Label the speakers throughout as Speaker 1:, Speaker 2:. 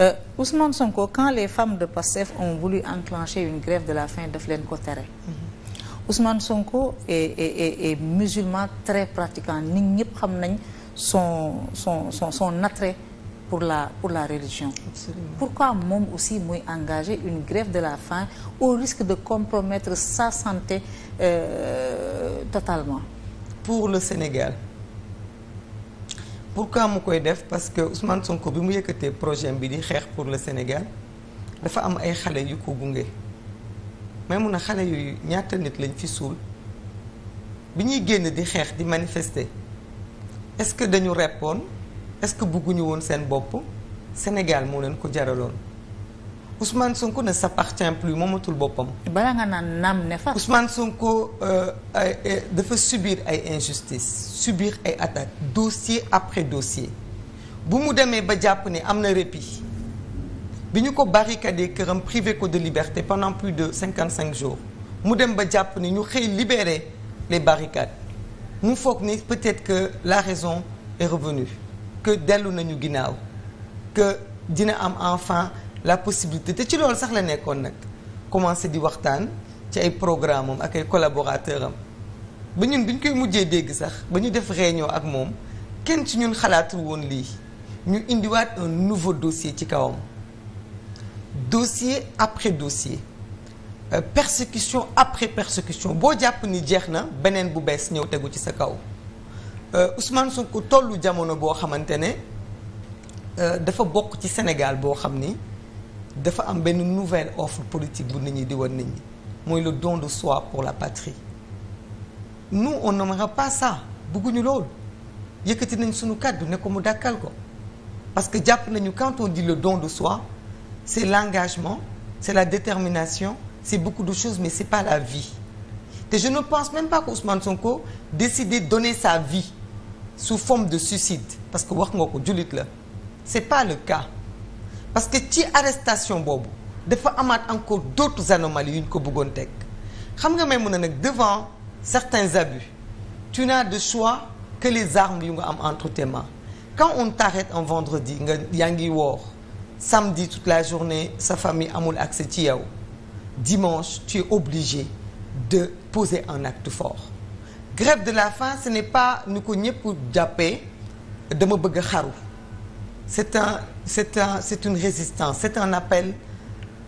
Speaker 1: Euh, Ousmane Sonko quand les femmes de Pastef ont voulu enclencher une grève de la fin daf leen ko tere. Mhm. Sonko est est est, est musulman très pratiquant nit ñëpp xam nañ son son son son attrait pour la pour la religion. Absolument. Pourquoi moom aussi muy engagé une grève de la faim au risque de compromettre sa santé euh, totalement.
Speaker 2: Pour le Sénégal. pour mu koy def parce que Ousmane Sonko bi mu yëkkatee projet bi di xeex pour le Sénégal dafa am ay xale yu ko gunge mais mun a xale yooyu ñaata nit lañ fi suul bi ñuy génn di xeex di manifester est-ce que dañu reppoon est-ce que bëgguñu woon seen bopp Sénégal moo leen ko jaraloon. Ousmane Sonko ne s'appartient plus moomatul boppam. bala nga naan naam ne fa. Ousmane Sonko euh, dafa subiir ay injustice subiir ay attaques dossier après dossier bu mu demee ba jàpp ne am na répit bi ñu ko barricadé këram privé ko de liberté pendant plus de cinquante cinq jours mu dem ba jàpp ni ñu xëy libérer les barricades mu foog ni peut-être que la raison est revenue que dellu nañu ginnaaw que dina am enfin la possibilité te ci loolu sax la nekkoon nag commencé di waxtaan ci ay programme am ak ay collaborateur am ba ñun bi ñu koy mujjee dégg sax ba ñu def réunion ak moom kenn ci ñun xalaatul woon lii ñu indiwaat un nouveau dossier ci kawam dossier après dossier euh, après persécution boo jàpp ni jeex na beneen bu bees ñëw tegu ci sa kaw euh, Ousmane Sonko tollu jamono boo xamante ne euh, dafa bokk ci Sénégal boo xam ni dafa am benn nouvelle offre politique bu nit ñi di wan nit ñi mooy le don de soi pour la patrie nous on n'aimera pas ça bëgguñu loolu yëkkati nañ suñu kàddu ne ko mu dakkal ko parce que jàpp nañu quand on dit le don de soi c'est l'engagement c'est la détermination c'est beaucoup de choses mais c'est pas la vie te je ne pense même pas que Ousmane Sonko décidé donner sa vie sous forme de suicide parce que wax nga ko julit la c'est pa le ca parce que ci arrestation boobu dafa amaat encore d'autres anomalies yu ñu ko bëggoon teg xam nga may mën a nag devant certains abus tu n'as de choix que les armes yu nga am entre tes mains quand on t'arrête en vendredi nga yaa ngi woor samedi toute la journée sa famille amul accès ci yow dimanche tu es obligé de poser un acte fort grève de la faim ce ne pas nu ko ñëpp jàppee dama bëgg a xaru c'est un c'est un c'est une résistance c'est un appel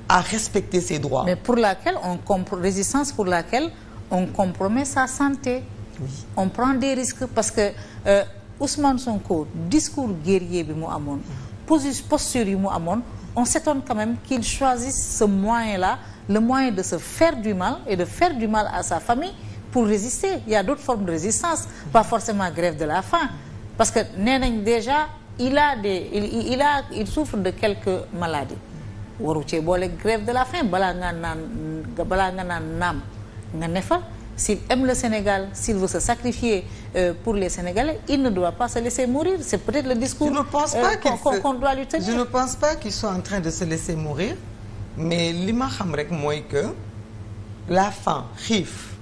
Speaker 2: à respecter ses droits.
Speaker 1: mais pour laquelle on compre résistance pour laquelle on compromet sa santé. oui on prend des risques parce que euh, Ousmane Sonko discours guerrier bi mu amoon. posture yi mu amoon on s'étonne quand même qu'il choisisse ce moyen-là le moyen de se faire du mal et de faire du mal à sa famille pour résister il y a d'autres formes de résistance pas forcément grève de la faim parce que nee nañ déjà il a des il, souffre de quelques maladies waru cee boole grève de la faim balaa nga naan balaa nga naan naam nga ne fa s'il aime le Sénégal s'il veut se sacrifier euh, pour les Sénégalais il ne doit pas se laisser mourir c'est peut-être le discours euh, qu'on doit lui tenir je ne pense
Speaker 2: pas qu'il soit en train de se laisser mourir mais li ma xam rek mooy que la faim xiif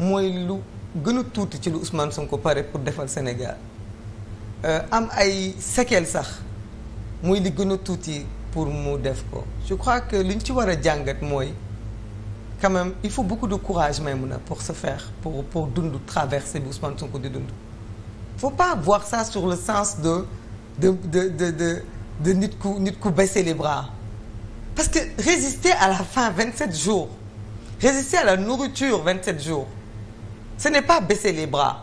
Speaker 2: mooy lu gën a tuuti ci lu Ousmane Sonko pare pour defal Sénégal Euh, am ay séquelles sax muy li gën a tuuti pour mu def ko je crois que li ñu ci war jàngat mooy quand il faut beaucoup de courage Maïmouna pour se faire pour pour dund traverser bi Ousmane Sonko di dund faut pa voir ça sur le sens de de nit ku nit ku baisser les bras parce que résister à la faim 27 jours résister à la nourriture 27 jours ce n'est pas baisser les bras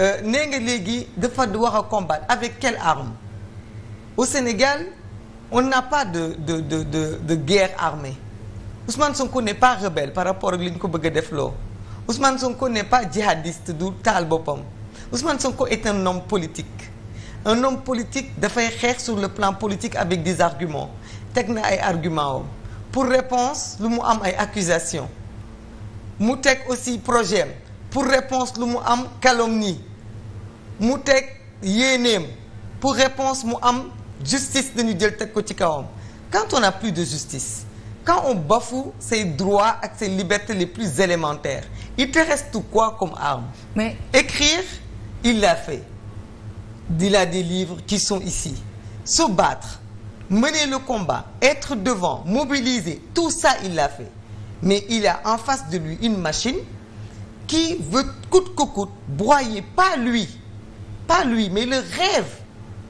Speaker 2: Euh, nee nga léegi dafa wax a combattre avec quelle arme au Sénégal on n'a pas de de de de de guerre armée Ousmane Sonko ne pas rebelle par rapport ak li ko bëgg a def loo Ousmane Sonko n'est pas djihadiste du taal boppam Ousmane Sonko est un homme politique un homme politique dafay xeex sur le plan politique avec des arguments teg na ay argument am pour réponse lu mu am ay accusations mu teg aussi projet pour réponse lu mu am calomnie mu teg yéeneem pour réponse mu am justice dañu jël teg ko ci kawam quand on n'a plus de justice quand on bafoue ses droits ak ses libertés les plus élémentaires il te reste quoi comme arme mais écrire il l'a fait il a des livres qui sont ici se battre mener le combat être devant mobiliser tout ça il l'a fait mais il a en face de lui une machine qui veut coûte que coûte broyer pas lui pas lui mais le rêve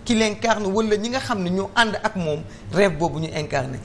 Speaker 2: qu'il incarne wala ñi nga xam ne ñoo ànd ak moom rêve boobu ñu incarné